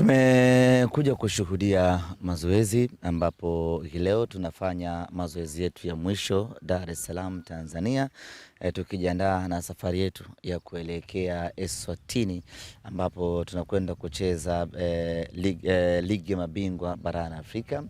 Tumekuja kushuhudia mazoezi ambapo hii leo tunafanya mazoezi yetu ya mwisho Dar es Salaam Tanzania, e, tukijiandaa na safari yetu ya kuelekea Eswatini ambapo tunakwenda kucheza e, lig, e, ligi ya mabingwa barani Afrika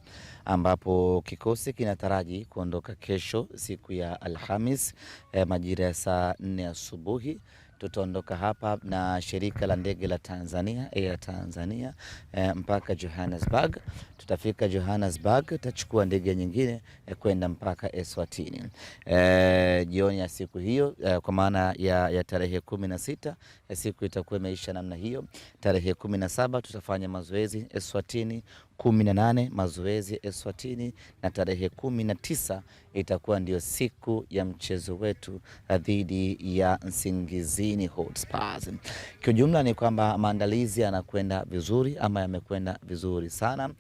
ambapo kikosi kinataraji kuondoka kesho siku ya Alhamis e, majira ya saa nne asubuhi tutaondoka hapa na shirika la ndege la Tanzania Air Tanzania e, mpaka Johannesburg. Tutafika Johannesburg, tutachukua ndege nyingine e, kwenda mpaka Eswatini e, jioni ya siku hiyo e, kwa maana ya, ya tarehe kumi na sita siku itakuwa imeisha namna hiyo. Tarehe kumi na saba tutafanya mazoezi Eswatini kumi na nane mazoezi Eswatini, na tarehe kumi na tisa itakuwa ndio siku ya mchezo wetu eh, dhidi ya Nsingizini Hotspurs. Kiujumla ni kwamba maandalizi yanakwenda vizuri ama yamekwenda vizuri sana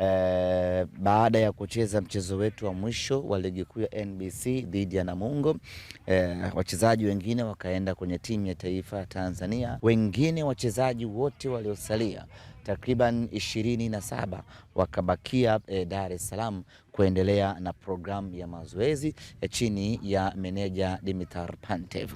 eh, baada ya kucheza mchezo wetu wa mwisho wa ligi kuu ya NBC dhidi ya Namungo eh, wachezaji wengine wakaenda kwenye timu ya taifa Tanzania. Wengine wachezaji wote waliosalia takriban ishirini na saba wakabakia eh, Dar es Salaam kuendelea na programu ya mazoezi eh, chini ya meneja Dimitar Pantev